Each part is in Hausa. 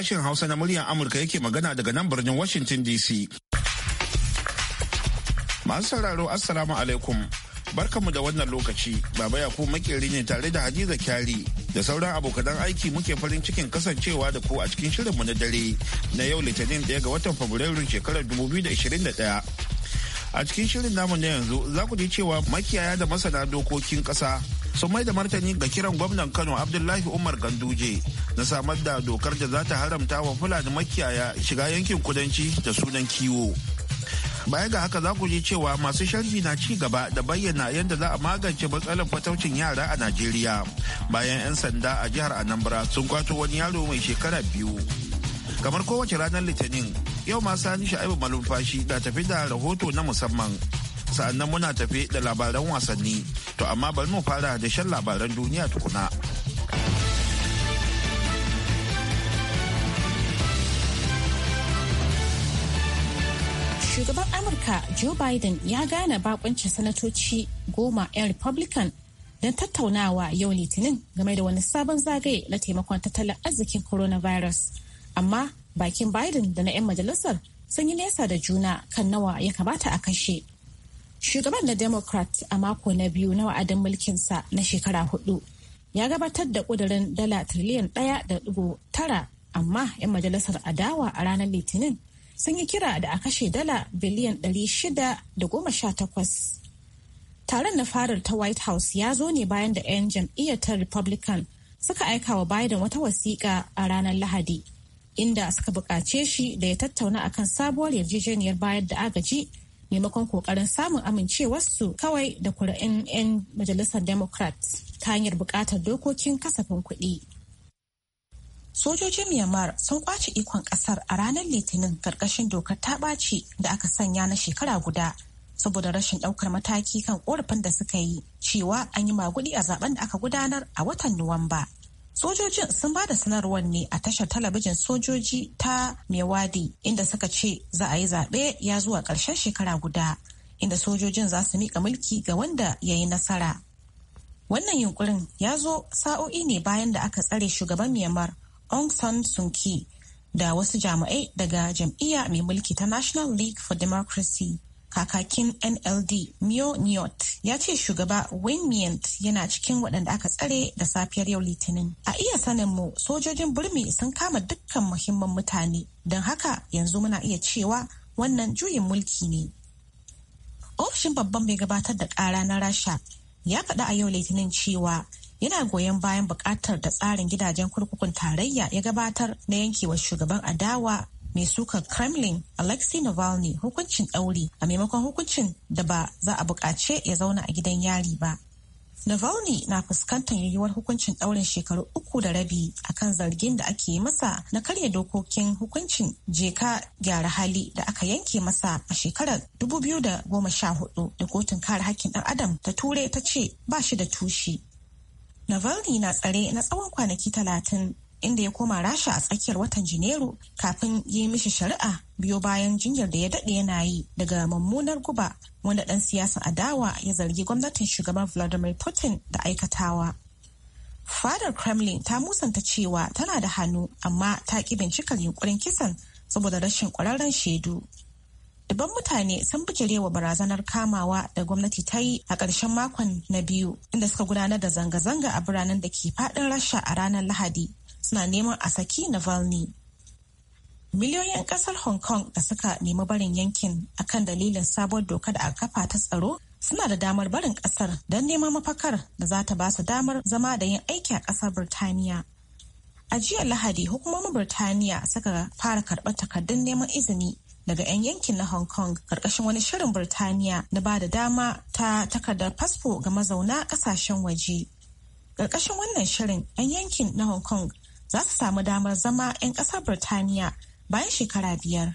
sashen Hausa na muryar Amurka yake magana daga nan birnin Washington DC. Masu sauraro Assalamu alaikum. Barkanmu da wannan lokaci, Baba Yakubu makeri ne tare da Hadiza Kyari da sauran abokanan aiki muke farin cikin kasancewa da ku a cikin shirinmu na dare na yau Litinin daya ga watan fabrairu shekarar 2021. a cikin shirin namu na yanzu za ku ji cewa makiyaya da masana dokokin kasa sun mai da martani ga kiran gwamnan kano abdullahi umar ganduje na samar da dokar da za ta haramta wa fulani makiyaya shiga yankin kudanci da sunan kiwo baya ga haka za ku ji cewa masu sharhi na ci gaba da bayyana yadda za a magance matsalar fataucin yara a najeriya bayan 'yan sanda a jihar anambra sun kwato wani yaro mai shekara biyu kamar kowace ranar litinin yau ma sani sha'ibu malumfashi da tafi da rahoto na musamman sa'annan muna tafi da labaran wasanni to amma bari mu fara da shan labaran duniya tukuna shugaban amurka joe biden ya gane bakuncin sanatoci goma 'yan republican don tattaunawa yau litinin game da wani sabon zagaye na taimakon tattalin arzikin coronavirus amma bakin Biden da na 'yan majalisar sun yi nesa da juna kan nawa ya kamata a kashe. Shugaban na Democrat a mako na biyu na wa'adin mulkinsa na shekara hudu ya gabatar da kudurin dala triliyan ɗaya da dubu tara amma 'yan majalisar adawa a ranar litinin sun yi kira da a kashe dala biliyan ɗari shida da goma sha takwas. taron na farar ta white house ya zo ne bayan da 'yan jam'iyyar ta republican suka aika wa biden wata wasiƙa a ranar lahadi inda suka buƙace shi da ya tattauna akan sabuwar yarjejeniyar bayar da agaji maimakon kokarin samun amincewarsu kawai da kuri'in 'yan majalisar democrat ta hanyar buƙatar dokokin kasafin kuɗi. sojojin myanmar sun kwace ikon ƙasar a ranar litinin ƙarƙashin dokar ta ɓaci da aka sanya na shekara guda saboda rashin ɗaukar mataki kan korafin da suka yi cewa an yi maguɗi a zaben da aka gudanar a watan nuwamba Sojojin sun ba da sanarwar ne a tashar talabijin sojoji ta Mewadi inda suka ce za a yi zaɓe ya zuwa ƙarshen shekara guda inda sojojin za su miƙa mulki ga wanda ya yi nasara. Wannan yunkurin ya zo sa'o'i ne bayan da aka tsare shugaban Myanmar Aung San Suu da wasu jami'ai daga jam'iyya mai mulki ta National League for Democracy kakakin nld mio niot ya ce shugaba wayne yana cikin waɗanda aka tsare da safiyar yau litinin a iya sanin mu sojojin burmi sun kama dukkan muhimman mutane don haka yanzu muna iya cewa wannan juyin mulki ne ofishin babban mai gabatar da ƙara na rasha ya faɗa a yau litinin cewa yana goyon bayan buƙatar da tsarin gidajen kurkukun tarayya ya gabatar na yankewa shugaban adawa mai sukar kremlin alexei navalny hukuncin ɗauri a maimakon hukuncin da ba za a buƙace ya zauna a gidan yari ba Navalny na fuskantar yiwuwar hukuncin ɗaurin shekaru uku da rabi akan zargin da ake masa na karya dokokin hukuncin jeka gyara hali da aka yanke masa a shekarar 2014 da kotun kare hakkin ɗan adam ta ture ta ce ba shi da tushi. Navalny na tsare na tsawon kwanaki talatin inda ya koma rasha a tsakiyar watan janairu kafin yi mishi shari'a biyo bayan jinyar da ya daɗe yana yi daga mummunar guba wanda ɗan siyasan adawa ya zargi gwamnatin shugaban vladimir putin da aikatawa fadar kremlin ta musanta cewa tana da hannu amma ta ƙi bincikar yunkurin kisan saboda rashin kwararren shaidu dubban mutane sun bijirewa barazanar kamawa da gwamnati ta yi a ƙarshen makon na biyu inda suka gudanar da zanga-zanga a biranen da ke faɗin rasha a ranar lahadi suna neman a saki Navalny. Miliyoyin kasar Hong Kong da suka nemi barin yankin a kan dalilin sabuwar doka da aka kafa ta tsaro suna da damar barin kasar don neman mafakar da za ta ba su damar zama da yin aiki a kasar Birtaniya. A jiya Lahadi hukumomin Birtaniya suka fara karɓar takardun neman izini daga 'yan yankin na Hong Kong karkashin wani shirin Birtaniya na ba da dama ta takardar fasfo ga mazauna ƙasashen waje. Karkashin wannan shirin 'yan yankin na Hong Kong za su samu damar zama 'yan ƙasar Birtaniya bayan shekara biyar.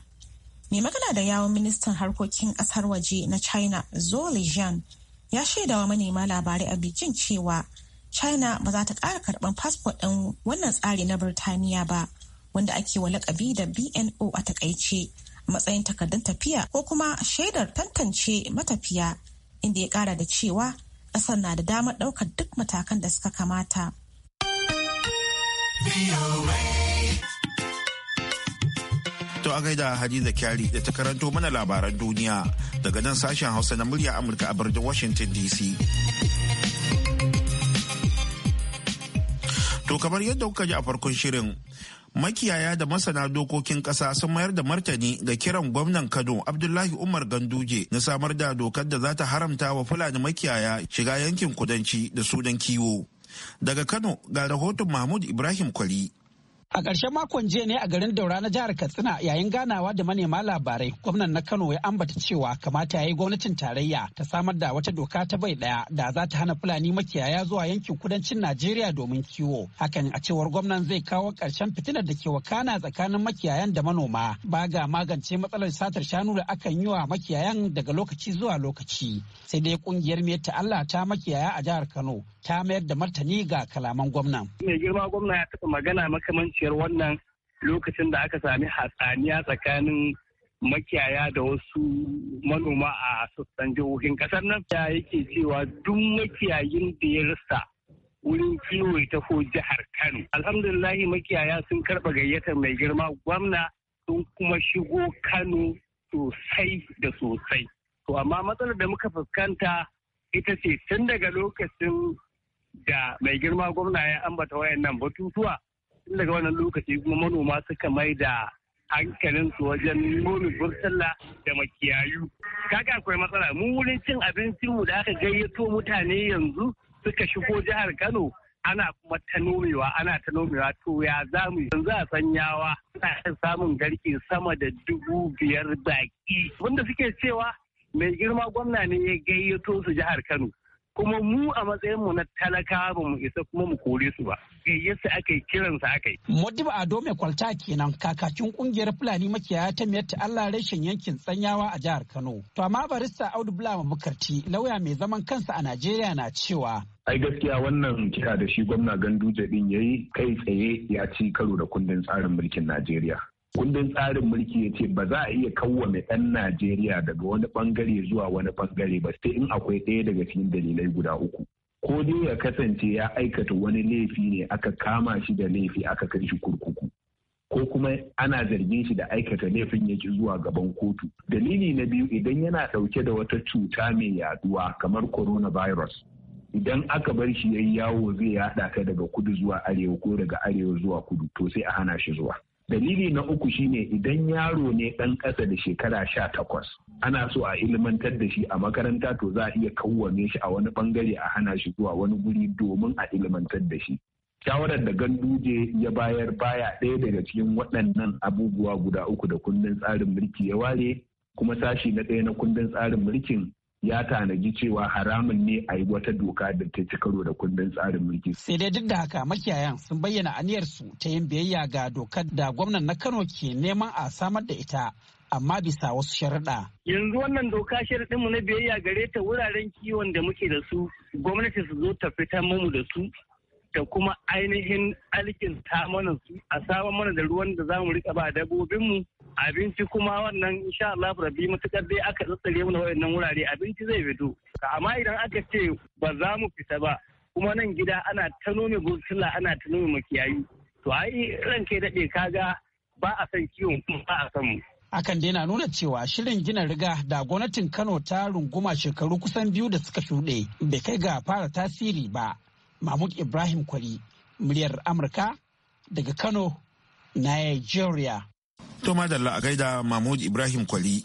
Mai magana da yawon ministan harkokin ƙasar waje na China Zhou Lijian ya shaidawa manema labarai a Beijing cewa China ba za ta ƙara karɓar fasfo ɗin wannan tsari na Birtaniya ba, wanda ake wa laƙabi da BNO a takaice a matsayin takardun tafiya ko kuma shaidar tantance matafiya, inda ya ƙara da cewa ƙasar na da damar ɗaukar duk matakan da suka kamata. To a gaida Hadiza Kyari da ta karanto mana labaran duniya daga nan sashen Hausa na murya Amurka a birnin Washington DC. To kamar yadda kuka ji a farkon shirin makiyaya da masana dokokin kasa sun mayar da martani ga kiran gwamnan kano abdullahi umar ganduje na samar da dokar da za ta haramta wa fulani makiyaya shiga yankin kudanci da sudan kiwo Daga Kano ga rahoton Mahmud Ibrahim Kwali. A ƙarshen makon jiya ne a garin Daura na jihar Katsina yayin ganawa da manema labarai gwamnan na Kano ya ambata cewa kamata ya yi gwamnatin tarayya ta samar da wata doka ta bai ɗaya da za ta hana Fulani makiyaya zuwa yankin kudancin Najeriya domin kiwo. Hakan a cewar gwamnan zai kawo ƙarshen fitinar da ke wakana tsakanin makiyayan da manoma ba ga magance matsalar satar shanu da akan yi wa makiyayan daga lokaci zuwa lokaci. Sai dai ƙungiyar mai ta Allah ta makiyaya a jihar Kano ta mayar da martani ga kalaman gwamnan. Mai girma gwamna ya taɓa magana makamanci kishiyar wannan lokacin da aka sami hatsaniya tsakanin makiyaya da wasu manoma a sassan jihohin kasar nan ya yake cewa duk makiyayin da ya rasa wurin kiwo ta ko jihar kano alhamdulillahi makiyaya sun karɓa gayyatar mai girma gwamna sun kuma shigo kano sosai da sosai to amma matsalar da muka fuskanta ita ce tun daga lokacin da mai girma gwamna ya ambata wayannan batutuwa tun daga wannan lokaci kuma manoma suka mai da hankalin su wajen nomi bursalla da makiyayu kaga akwai matsala mu wurin cin abincin mu da aka gayyato mutane yanzu suka shigo jihar Kano ana kuma ta nomewa ana ta nomewa to ya zamu yi. yanzu a sanyawa ana samun garke sama da dubu biyar baki wanda suke cewa mai girma gwamna ne ya gayyato su jihar Kano kuma mu a matsayin mu na talaka ba mu isa kuma mu kore su ba eh, yadda aka yi kiransa aka yi. Modibo Ado mai kwalta kenan kakakin kungiyar Fulani makiyaya ta miyar Allah rashin yankin tsanyawa a jihar Kano. To amma barista Audu Bulama Bukarti lauya mai zaman kansa a Najeriya na cewa ai gaskiya wannan kira da shi gwamna ganduje din yayi kai tsaye ya ci karo da kundin tsarin mulkin Najeriya kundin tsarin mulki ya ce ba za a iya kawwame ɗan Najeriya daga wani bangare zuwa wani bangare ba sai in akwai ɗaya daga cikin dalilai guda uku. Ko dai ya kasance ya aikata wani laifi ne aka kama shi da laifi aka kai shi kurkuku. ko kuma ana zargin shi da aikata laifin yake zuwa gaban kotu. Dalili na biyu idan yana ɗauke da wata cuta mai yaduwa kamar coronavirus. Idan aka bar shi yayi yawo zai yaɗa ta daga kudu zuwa arewa ko daga arewa zuwa kudu to sai a hana shi zuwa. dalili na uku shine idan yaro ne ɗan ƙasa da shekara sha takwas ana so a ilmantar da shi a makaranta to za a iya kawwame shi a wani bangare a hana shi zuwa wani guri domin a ilmantar da shi shawarar da ganduje ya bayar baya ɗaya daga cikin waɗannan abubuwa guda uku da kundin tsarin mulki ya ware kuma sashi na ɗaya na kundin tsarin mulkin ya tanaji cewa haramun ne a yi wata doka da ta ci karo da kundin tsarin mulki. Sai dai duk da haka makiyayan sun bayyana aniyarsu ta yin biyayya ga dokar da gwamnan na Kano ke neman a samar da ita. amma bisa wasu sharaɗa. Yanzu wannan doka sharaɗinmu na biyayya gare ta wuraren kiwon da muke da su gwamnati su zo ta fitar mu da su da kuma ainihin ta mana su a sabon mana da ruwan da za mu rika ba dabbobinmu abinci kuma wannan insha Allah rabbi matukar dai aka tsatsare mana wayannan wurare abinci zai fito amma idan aka ce ba za mu fita ba kuma nan gida ana ta nome burtula ana ta nome makiyayi to ai kai daɗe kaga ba a san kiwon kuma ba a san mu akan dai na nuna cewa shirin gina riga da gwamnatin kano ta runguma shekaru kusan biyu da suka shuɗe bai kai ga fara tasiri ba mahmud ibrahim kwari muryar amurka daga kano nigeria to madalla a gaida mahmud ibrahim kwari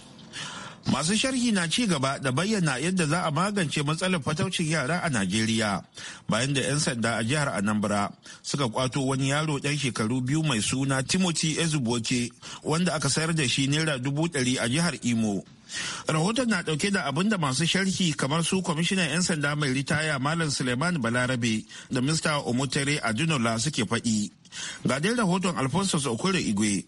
masu sharhi na ci gaba da bayyana yadda za a magance matsalar fataucin yara a najeriya bayan da 'yan sanda a jihar anambra suka kwato wani yaro ɗan shekaru biyu mai suna timothy ezuboke wanda aka sayar da shi naira dubu ɗari a jihar imo rahoton na dauke da abin da masu sharhi kamar su kwamishinan 'yan sanda mai ritaya malam suleiman balarabe da mista omotere adunola suke faɗi ga dai rahoton alfonso okoro igwe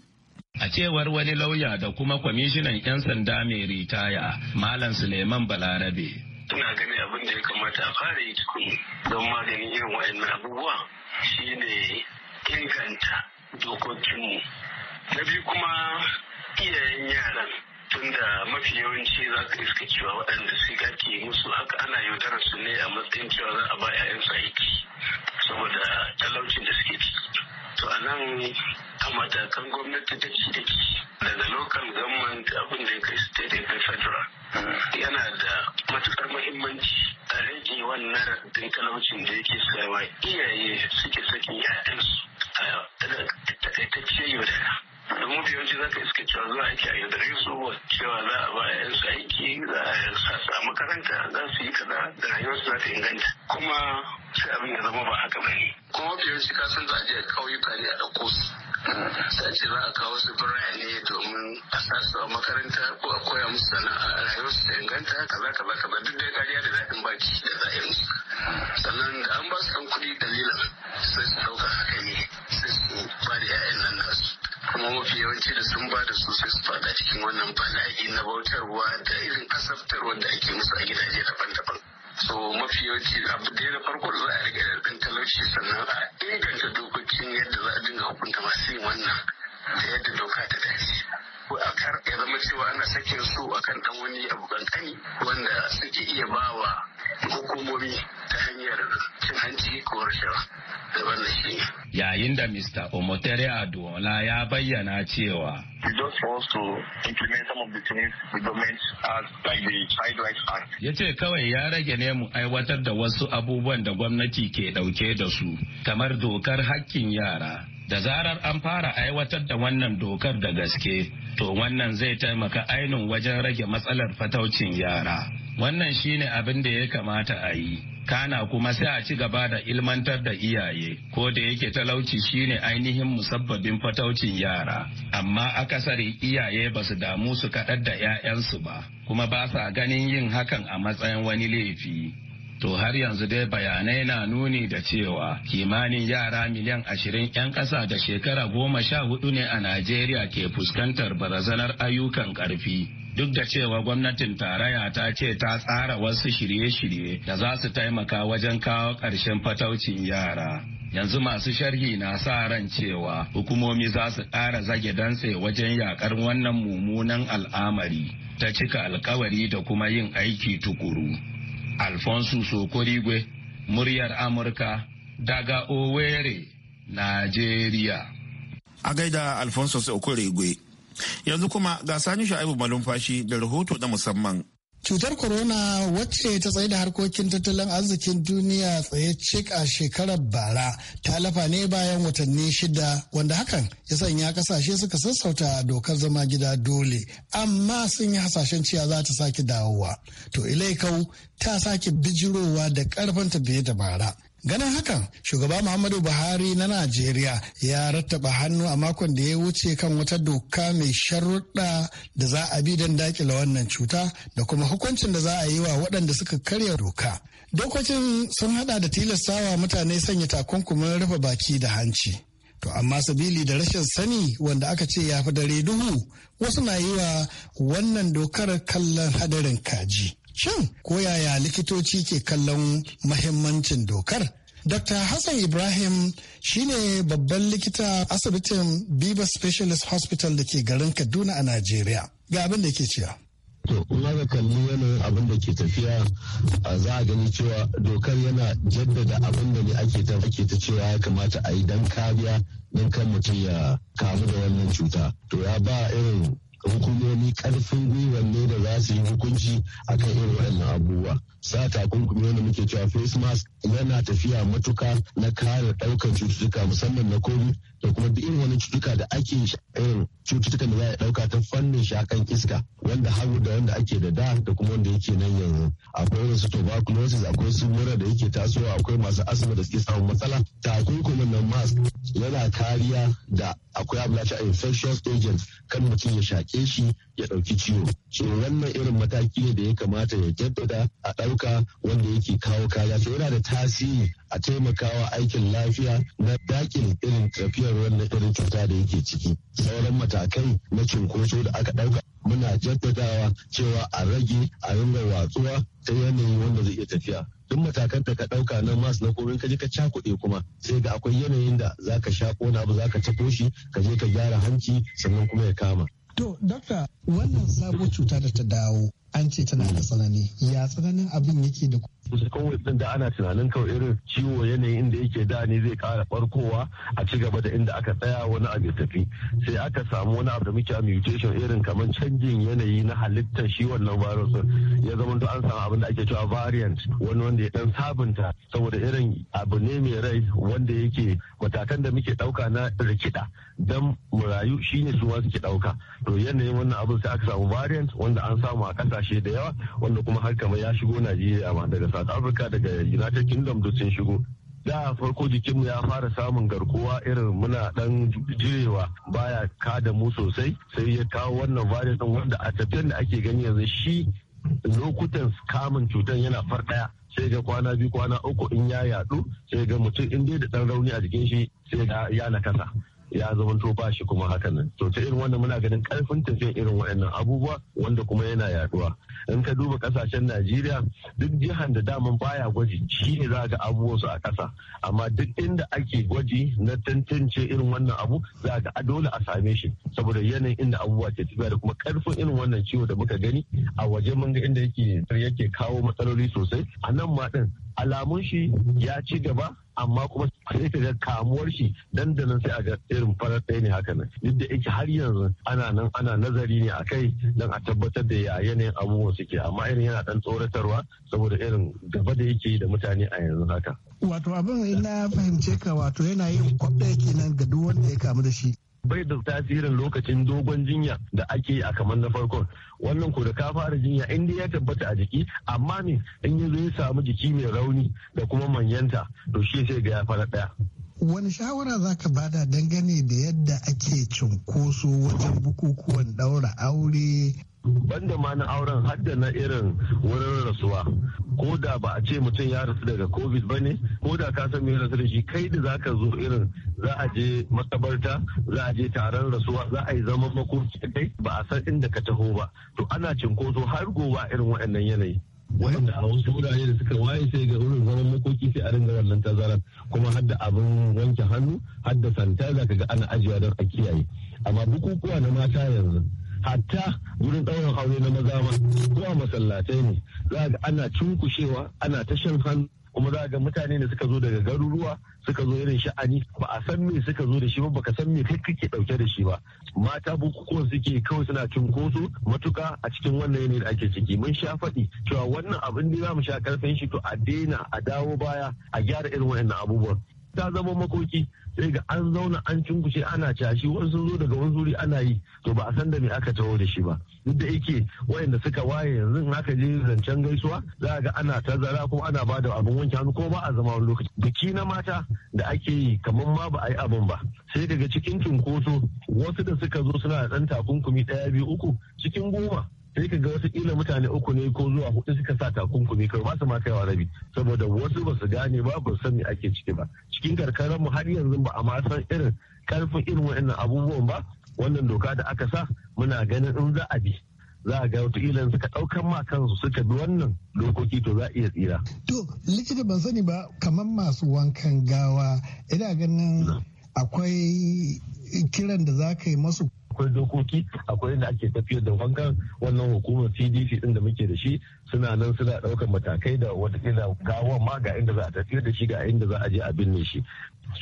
A cewar wani lauya da kuma kwamishinan 'yan sanda mai ritaya, Malam Suleiman Balarabe. Ina gani abin da ya kamata a fara yi tukun don maganin irin wa'annan abubuwa ne inganta dokokinmu. Na biyu kuma iyayen yaran tunda mafi yawanci za ka iska cewa waɗanda sai ke musu haka ana yaudara su ne a matsayin cewa za a ba 'ya'yansu aiki saboda talaucin da suke ciki to a nan a matakan gwamnati da ci da daga local government abin da ya kai state da federal yana da matukar muhimmanci a rage wannan raɗin talaucin da yake sayawa iyaye suke sakin 'ya'yansu a takaitacciyar yaudara da mafi yawanci za ka iske cewa za a aiki a yaudare su cewa za a ba yan su aiki za a sa a makaranta za su yi kaza da rayuwarsu za ta inganta kuma sai abin ya zama ba haka bane kuma mafi yawanci ka san za a je ƙauyuka ne a ɗauko su sai ce za a kawo su birane domin a sa su a makaranta ko a koya musu sana'a rayuwarsu ta inganta kaza kaza kaza duk da kariya da daɗin baki da za a yi musu sannan da an ba su ɗan kuɗi dalilan sai su ɗauka haka ne sai su ba da 'ya'yan nan kuma mafi yawanci da sun bada su sai su fada cikin wannan bala'i na bautarwa da irin asaftarwa da ake musu a gidaje daban-daban so mafi yawanci abu da na farko za a riga da talauci sannan a inganta dokokin yadda za a dinga hukunta masu yin wannan da yadda doka ta dace a kar ya zama cewa ana sakin su akan dan wani abu kankani wanda suke iya bawa hukumomi ta hanyar cin hanci ko rashawa da wannan shi yayin da Mr. Omotere Aduola ya bayyana cewa ya ce kawai ya rage ne mu aiwatar da wasu abubuwan da gwamnati ke dauke da su kamar dokar hakkin yara da zarar an fara aiwatar da wannan dokar da gaske to wannan zai taimaka ainihin wajen rage matsalar fataucin yara wannan shine abin da ya kamata a yi kana kuma sai a ci gaba da ilmantar da iyaye ko da yake talauci shine ainihin musabbabin fataucin yara amma akasari iyaye ba su damu su kaɗar da 'ya'yansu ba kuma ba sa ganin yin hakan a matsayin wani laifi To har yanzu dai bayanai na nuni da cewa kimanin yara miliyan ashirin 'yan ƙasa da shekara goma sha hudu ne a Najeriya ke fuskantar barazanar ayyukan ƙarfi. duk da cewa gwamnatin tarayya ta ce ta tsara wasu shirye-shirye da za su taimaka wajen kawo ƙarshen fataucin yara. Yanzu masu sharhi na sa ran cewa hukumomi za su ƙara zage dantse wajen yakar wannan mummunan al'amari ta cika alkawari da kuma yin aiki tukuru. Alfonso Sokorigwe, muryar Amurka daga Owerri, Najeriya. A gaida Alfonso Sokorigwe. Yanzu kuma ga sani sha'ibu malumfashi da rahoto na musamman. Cutar corona wacce ta tsaye da harkokin tattalin arzikin duniya tsaye cik a shekarar bara ta lafa ne bayan watanni shida wanda hakan ya sanya kasashe suka sassauta dokar zama gida dole amma sun yi hasashen cewa za ta sake dawowa. To ilaikau ta sake bijirowa da karfanta biye da bara Ganin hakan, shugaba Muhammadu Buhari na Najeriya ya rattaba hannu a makon da ya wuce kan wata doka mai sharuɗa da za a bi don dakila wannan cuta da kuma hukuncin da za a yi wa waɗanda suka karya doka. Dokokin sun haɗa da tilastawa mutane sanya takunkumin rufe baki da hanci. To amma sabili da rashin sani wanda aka ce ya fi dare duhu wasu na yi wa wannan dokar kallon hadarin kaji. Shin ko yaya likitoci ke kallon mahimmancin dokar? Dr. Hassan Ibrahim shine babban likita asibitin Biba Specialist Hospital da ke garin Kaduna a Najeriya. Ga abin da ke cewa. To, in ga kalli yanayin abin da ke tafiya za a gani cewa dokar yana jaddada abin da ne ake ta ta cewa ya kamata a yi don kariya don kan mutum ya kamu da wannan cuta. To, ya ba irin hukumomi karfin gwiwar ne da za su yi hukunci akan irin wannan abubuwa sa takunkumi wanda muke cewa face mask yana tafiya matuka na kare ɗaukar cututtuka musamman na covid da kuma duk irin wani cutuka da ake irin cututtukan da za a ɗauka ta fannin shakan iska wanda har da wanda ake da da da kuma wanda yake nan yanzu akwai wasu tuberculosis akwai su mura da yake tasowa akwai masu asma da suke samun matsala takunkumin nan mask yana kariya da akwai a infectious agents kan mutum ya shaƙe shi ya ɗauki ciwo so wannan irin mataki ne da ya kamata ya jaddada a ɗauka wanda yake kawo kariya to yana da tasiri a taimakawa aikin lafiya na dakin irin tafiyar kan wannan irin cuta da yake ciki sauran matakai na cunkoso da aka ɗauka muna jaddadawa cewa a rage a ringa watsuwa ta yanayi wanda zai iya tafiya duk matakan da ka ɗauka na mas na komai ka je ka cakuɗe kuma sai ga akwai yanayin da za ka sha kona abu za ka tafo shi ka je ka gyara hanci sannan kuma ya kama. to dakta wannan sabon cuta da ta dawo an ce tana da tsanani ya tsananin abin yake da kusa kawai din da ana tunanin kawai irin ciwo yanayi inda yake da ne zai kara barkowa a ci gaba da inda aka tsaya wani abu ya tafi sai aka samu wani abu da muke mutation irin kamar canjin yanayi na halittar shi wannan virus ya zama to an samu abin da ake cewa variant wani wanda ya dan sabunta saboda irin abu ne mai rai wanda yake matakan da muke dauka na rikida dan mu rayu shine su suke dauka to yanayin wannan abin sai aka samu variant wanda an samu a kasashe da yawa wanda kuma har kamar ya shigo Najeriya ma daga South Africa daga United Kingdom duk sun shigo. Da farko jikinmu ya fara samun garkuwa irin muna dan jirewa baya da mu sosai sai ya kawo wannan virus din wanda a tafiyan da ake gani yanzu shi lokutan kamun cutar yana far daya sai ga kwana biyu kwana uku in ya yadu sai ga mutum in dai da dan rauni a jikin shi sai ya ya nakasa. ya zamanto ba shi kuma hakan nan to ta irin wannan muna ganin karfin tafiya irin waɗannan abubuwa wanda kuma yana yaduwa in ka duba kasashen najeriya duk jihar da daman baya gwaji shi ne za ga su a ƙasa amma duk inda ake gwaji na tantance irin wannan abu za ga dole a same shi saboda yanayin inda abubuwa ke tafiya da kuma karfin irin wannan ciwo da muka gani a waje mun ga inda yake yake kawo matsaloli sosai a nan ma din alamun shi ya ci gaba amma kuma sai ka ga kamuwar shi dandanan sai a ga irin farar ɗaya ne haka nan duk da yake har yanzu ana nan ana nazari ne a kai don a tabbatar da ya yanayin abubuwan suke amma irin yana ɗan tsoratarwa saboda irin gaba da yake da mutane a yanzu haka. wato abin ina fahimce ka wato yana yin kwaɗa nan ga duk wanda ya kamu da shi bai da tasirin lokacin dogon jinya da ake a kamar na farko wannan ko da ka fara jinya in dai ya tabbata a jiki amma ne in ya zai samu jiki mai rauni da kuma manyanta to shi sai ga ya fara daya wani shawara za ka bada dangane da yadda ake cunkoso wajen bukukuwan daura aure banda ma na auren hadda na irin wurin rasuwa ko da ba a ce mutum ya rasu daga covid ba ne ko da ka san me rasu da shi kai da zaka zo irin za a je makabarta za a je taron rasuwa za a yi zaman makoki kai ba a san inda ka taho ba to ana cinkoso har gowa irin waɗannan yanayi wanda a wasu wurare da suka waye sai ga wurin zaman makoki sai a ringa wannan tazarar kuma har da abin wanke hannu har da santa za ga ana ajiya don a kiyaye amma bukukuwa na mata yanzu hatta wurin ɗaurin aure na maza ma zuwa masallatai ne za ga ana cunkushewa ana ta shan hannu kuma za ga mutane da suka zo daga garuruwa suka zo irin sha'ani ba a san me suka zo da shi ba baka san me kai kake ɗauke da shi ba mata bukukuwan suke kawai suna cunkoso matuka a cikin wannan yanayi da ake ciki mun sha faɗi cewa wannan abin da za mu sha karfin shi to a daina a dawo baya a gyara irin wannan abubuwan ta zama makoki sai ga an zauna an cunkushe ana cashi wani zo daga wani zuri ana yi to ba a san da me aka taho da shi ba duk da yake wayanda suka waye yanzu in aka je zancen gaisuwa za ga ana tazara kuma ana ba da abin wanke hannu ko ba a zama wani lokaci biki na mata da ake yi kamar ma ba a yi abin ba sai daga cikin cunkoso wasu da suka zo suna da ɗan takunkumi ɗaya biyu uku cikin goma sai ka ga wasu ila mutane uku ne ko zuwa hudu suka sa takunkumi kar ba su ma kaiwa rabi saboda wasu ba su gane ba ba san me ake ciki ba cikin karkarar mu har yanzu ba a ma san irin karfin irin waɗannan abubuwan ba wannan doka da aka sa muna ganin in za a bi za a ga ila suka daukan ma kansu suka bi wannan dokoki to za a iya tsira. To likita ban sani ba kamar masu wankan gawa ina ganin akwai kiran da za ka yi masu akwai dokoki akwai inda ake tafiyar da wankan wannan hukumar cdc din da muke da shi suna nan suna ɗaukar matakai da watakila gawa ma ga inda za a tafiyar da shi ga inda za a je a binne shi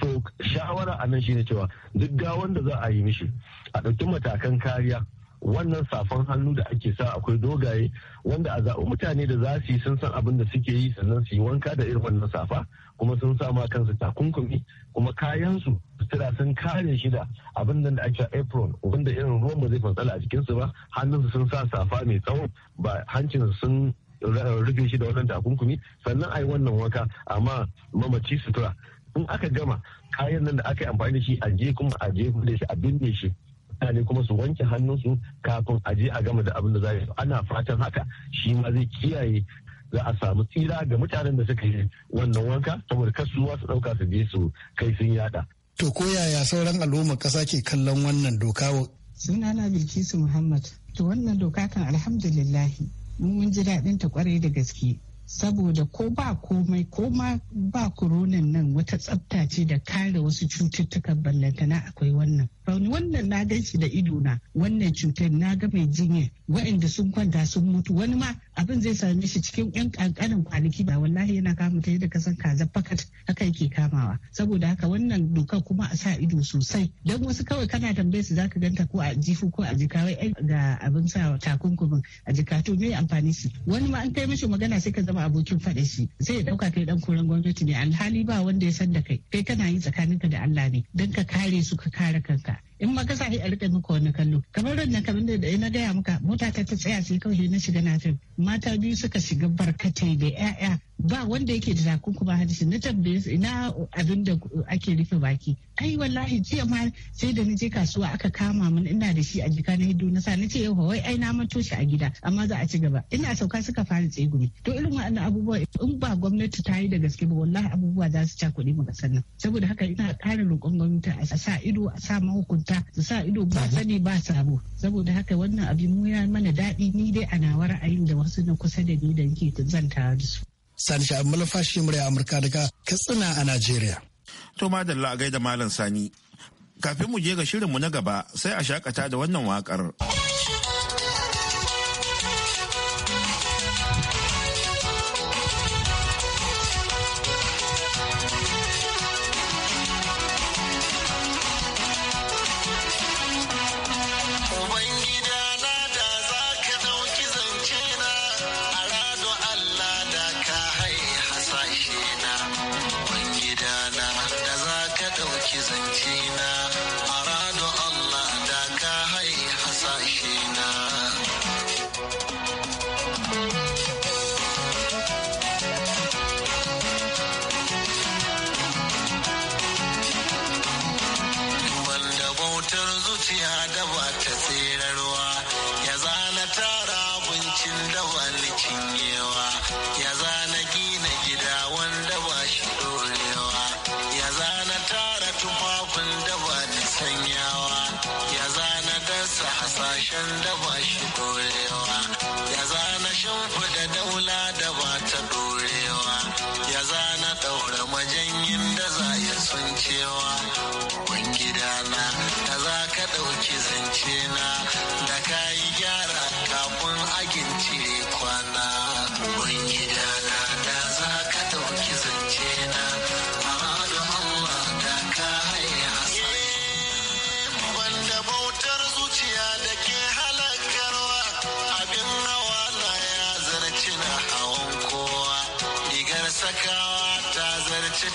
so shawara a nan shine cewa duk gawan da za a yi mishi a ɗauki matakan kariya wannan safan hannu da ake sa akwai dogaye wanda a zaɓi mutane da za su yi sun san abin da suke yi sannan su yi wanka da irin wannan safa kuma sun sa ma kansu takunkumi kuma kayansu sutura sun kare shi da abin nan da ake apron wanda irin ruwan ba zai fantsala a jikinsu ba hannunsu sun sa safa mai tsawo ba hancinsu sun rufe shi da wannan takunkumi sannan a yi wannan wanka amma mamaci sutura in aka gama kayan nan da aka yi amfani da shi a je kuma a je da shi a binne shi mutane kuma su wanke hannunsu kafin a je a gama da abin da za ana fatan haka shi ma zai kiyaye za a samu tsira ga mutanen da suka yi wannan wanka saboda kasuwa su ɗauka su je su kai sun yada. To ko yaya sauran al'umma kasa ke kallon wannan doka? wa. Sunana Bilkisu Muhammad. To wannan doka kan alhamdulillahi mun ji daɗin ta kwarai da gaske. Saboda ko ba komai ko ma ba koronan nan wata tsafta da kare wasu cututtukan ballantana akwai wannan. wannan na gan shi da ido na wannan cutar na ga mai jinya wa'anda sun kwanta sun mutu wani ma abin zai same shi cikin yan kankanin kwanaki ba wallahi yana kama ta yadda ka san kaza fakat haka yake kamawa saboda haka wannan dokar kuma a sa ido sosai don wasu kawai kana tambaye su zaka ganta ko a jifu ko a jika wai ga abin sa takunkumin a jika to me amfani shi wani ma an kai mishi magana sai ka zama abokin faɗa shi sai ya dauka kai dan koren gwamnati ne alhali ba wanda ya san da kai kai kana yi tsakaninka da Allah ne don ka kare su ka kare kanka back. in ma ka sa a rika muku wani kallo kamar ranna nan kamar da na gaya muka mota ta ta tsaya sai kawai na shiga na fim mata biyu suka shiga barkatai da 'ya'ya ba wanda yake da takunkuma hadisi na tambaye su ina abin da ake rufe baki ai wallahi jiya ma sai da je kasuwa aka kama min ina da shi a jika na hidu na sa ce yau wai ai na manto shi a gida amma za a ci gaba ina sauka suka fara tsegumi to irin waɗannan abubuwa in ba gwamnati ta yi da gaske ba wallahi abubuwa za su cakuɗe mu ga sannan saboda haka ina ƙara roƙon gwamnati a sa ido a sa mahukunta mahukunta su sa ido ba sani ba sabo saboda haka wannan abin mu ya mana daɗi ni dai a nawa ra'ayin da wasu na kusa da ni da nke zanta da su. Sani Sha'ib shi murya Amurka daga Katsina a Najeriya. To madalla a gaida Malam Sani. Kafin mu je ga shirinmu na gaba sai a shakata da wannan waƙar. ki zance na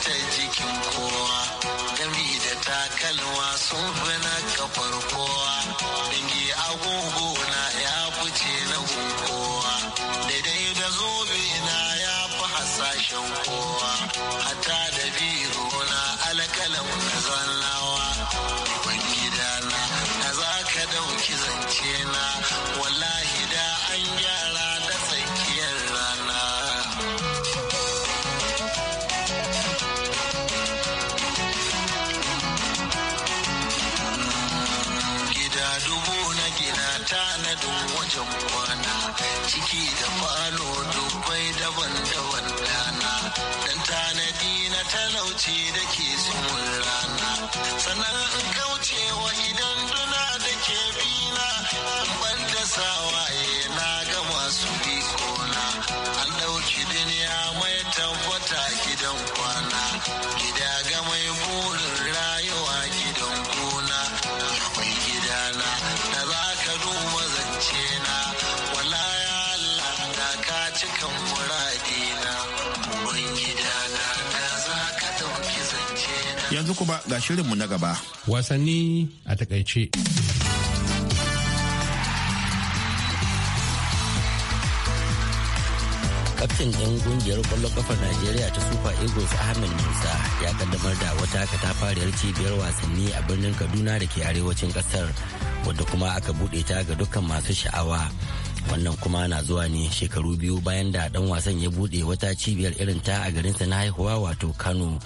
ta jikin kowa rumbu na gina tanadin wajen kwana ciki da falo dubbai daban-daban dana dan tanadi na talauci da ke sun rana sannan yanzu kuma ga shirinmu na gaba. Wasanni a takaice. kaftin ɗin ƙungiyar ƙwallon ƙafar Najeriya ta Super Eagles Ahmed Musa ya kaddamar da wata katafariyar cibiyar wasanni a birnin Kaduna da ke arewacin ƙasar wadda kuma aka buɗe ta ga dukkan masu sha'awa. Wannan kuma na zuwa ne shekaru biyu bayan da ɗan wasan ya buɗe wata cibiyar irin ta a garin sa na haihuwa wato Kano.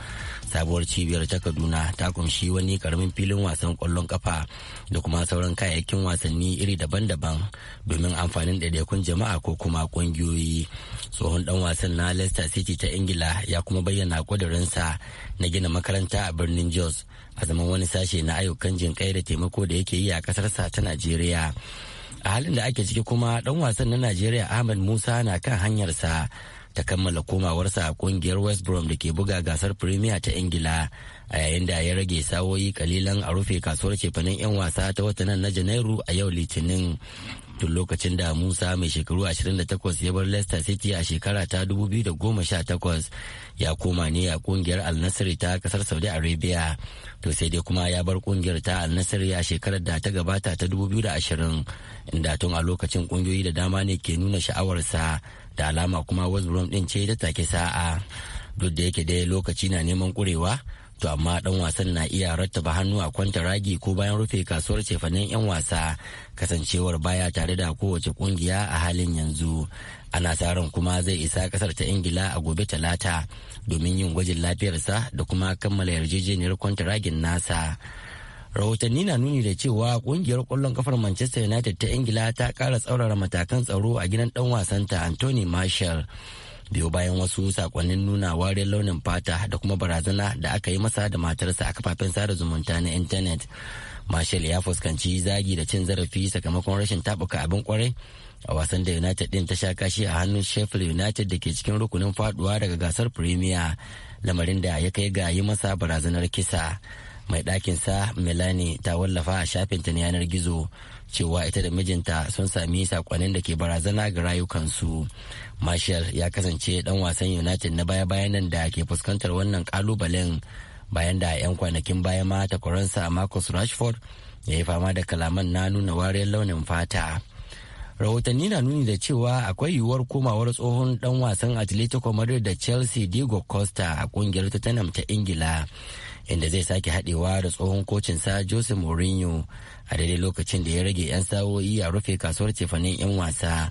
sabuwar cibiyar ta kaduna ta kunshi wani karamin filin wasan kwallon kafa da kuma sauran kayayyakin wasanni iri daban-daban domin amfanin ɗaiɗaikun jama'a ko kuma ƙungiyoyi tsohon dan wasan na leicester city ta ingila ya kuma bayyana ƙudurinsa na gina makaranta a birnin jos a zaman wani sashe na ayyukan kai da taimako da yake yi a ƙasarsa ta najeriya a halin da ake ciki kuma dan wasan na najeriya ahmed musa na kan hanyarsa ta kammala komawarsa a kungiyar west brom da ke buga gasar premier ta ingila a yayin da ya rage sawoyi kalilan a rufe kasuwar cefanen 'yan wasa ta watanan na janairu a yau litinin tun lokacin da musa mai shekaru 28 ya bar leicester city a shekara ta 2018 ya koma ne a kungiyar al ta kasar saudi arabia to sai dai kuma ya bar kungiyar ta al a shekarar da ta gabata ta 2020 inda tun a lokacin kungiyoyi da dama ne ke nuna sha'awarsa da alama kuma wasu rom din ce ta take sa'a duk da yake dai lokaci na neman kurewa to amma dan wasan na iya rattaba hannu a kwanta ragi ko bayan rufe kasuwar cefanen 'yan wasa kasancewar baya tare da kowace kungiya a halin yanzu ana tsarin kuma zai isa kasar ta ingila a gobe talata domin yin gwajin lafiyarsa da kuma kammala yarjejeniyar kwanta ragin nasa rahotanni na nuni da cewa kungiyar kwallon kafar manchester united ta ingila ta kara tsaurara matakan tsaro a gidan dan ta anthony marshall biyo bayan wasu sakonnin nuna wariyar launin fata da kuma barazana da aka yi masa da matarsa a kafafen sada zumunta na intanet marshall ya fuskanci zagi da cin zarafi sakamakon rashin tabuka abin kwarai a wasan da united din ta sha kashi a hannun sheffield united da ke cikin rukunin faduwa daga gasar premier lamarin da ya kai ga yi masa barazanar kisa mai ɗakinsa melani ta wallafa a shafinta na yanar gizo cewa ita da mijinta sun sami sakonnin da ke barazana ga rayukansu marshall ya kasance ɗan wasan united na baya-bayan nan da ke fuskantar wannan kalubalen bayan da 'yan kwanakin baya ma ta takwaransa marcus rashford ya yi fama da kalaman na nuna wariyar launin fata rahotanni na nuni da cewa akwai yiwuwar komawar tsohon dan wasan atletico madrid da chelsea diego costa a kungiyar tottenham ta ingila inda zai sake haɗewa da tsohon kocin sa jose mourinho a daidai lokacin da ya rage 'yan sawoyi a rufe kasuwar cefanin 'yan wasa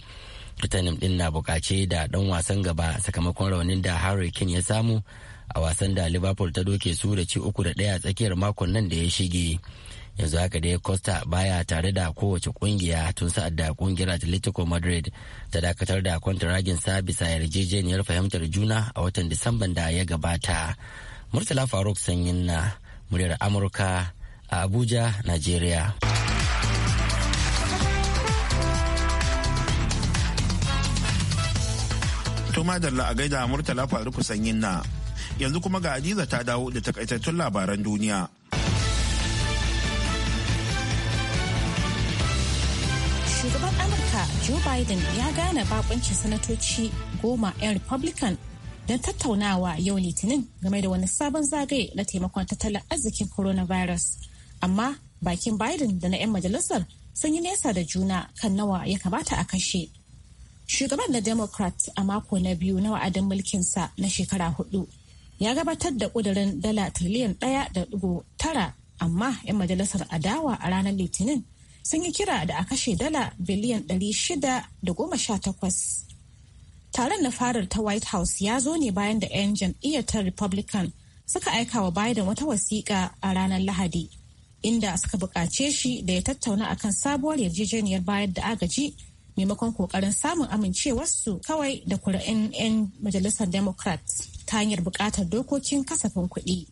tottenham din na bukace da dan wasan gaba sakamakon raunin da harry kane ya samu a wasan da liverpool ta doke su da ci uku da ɗaya tsakiyar makon nan da ya shige yanzu haka dai costa baya tare da kowace kungiya tun sa'ad da kungiyar atletico madrid ta dakatar da kwantaragin sa bisa yarjejeniyar fahimtar juna a watan disamban da ya gabata Murtala Faruk Sanyin na muryar Amurka a Abuja, Najeriya. Tuma da a gaida Murtala Faruk Sanyin na yanzu kuma ga Adiza ta dawo da takaitattun labaran duniya. Shugaban Amurka Joe Biden ya gane bakuncin sanatoci goma 'yan Republican don tattaunawa yau litinin game da wani sabon zagaye na taimakon tattalin arzikin coronavirus amma bakin biden da na 'yan majalisar sun yi nesa da juna kan nawa ya kamata a kashe shugaban na democrat a mako na biyu na wa'adin mulkinsa na shekara hudu ya gabatar da kudurin dala triliyan daya da dugu tara amma 'yan majalisar adawa a ranar litinin sun yi kira da a kashe dala biliyan 618 Taron na farar ta White House ya zo ne bayan da 'yan jam'iyyar ta Republican suka aika wa Biden wata wasiƙa a ranar Lahadi, inda suka buƙace shi da ya tattauna akan sabuwar yarjejeniyar bayar da agaji maimakon kokarin samun amincewarsu kawai da kuri'in 'yan majalisar democrat ta hanyar buƙatar dokokin kasafin kuɗi.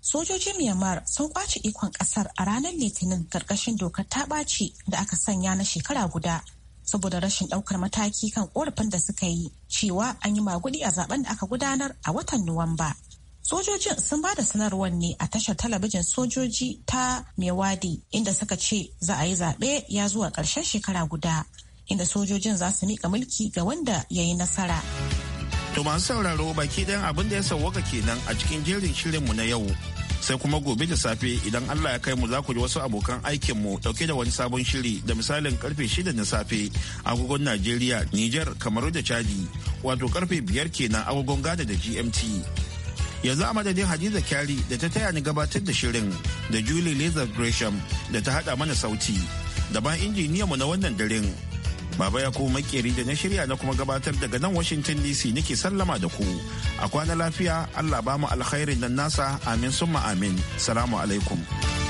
sojojin myanmar sun kwace ikon ƙasar a ranar litinin karkashin dokar ta ɓaci da aka sanya na shekara guda saboda rashin daukar mataki kan korafin da suka yi cewa an yi magudi a zaben da aka gudanar a watan Nuwamba. Sojojin sun ba da sanarwar ne a tashar talabijin sojoji ta Mewadi inda suka ce za a yi zaɓe ya zuwa ƙarshen shekara guda inda sojojin za su miƙa mulki ga wanda ya yi nasara. To masu sauraro baki ɗayan abin da ya sauwaka kenan a cikin jerin shirinmu na yau. sai kuma gobe da safe idan Allah ya kai mu za ku ji wasu abokan aikinmu dauke da wani sabon shiri da misalin karfe 6 na safe agogon Najeriya, Niger, Kamaru da Chadi wato karfe 5 kenan agogon Ghana da GMT. Yanzu a madadin Hadiza Kyari da ta taya ni gabatar da shirin da Julie Lazar Gresham da ta hada mana sauti da ban mu na wannan daren. Baba ya kuma makeri da na shirya na kuma gabatar daga nan Washington DC nake sallama da ku. A kwana lafiya Allah ba mu alkhairin nan nasa amin summa amin. Salamu alaikum.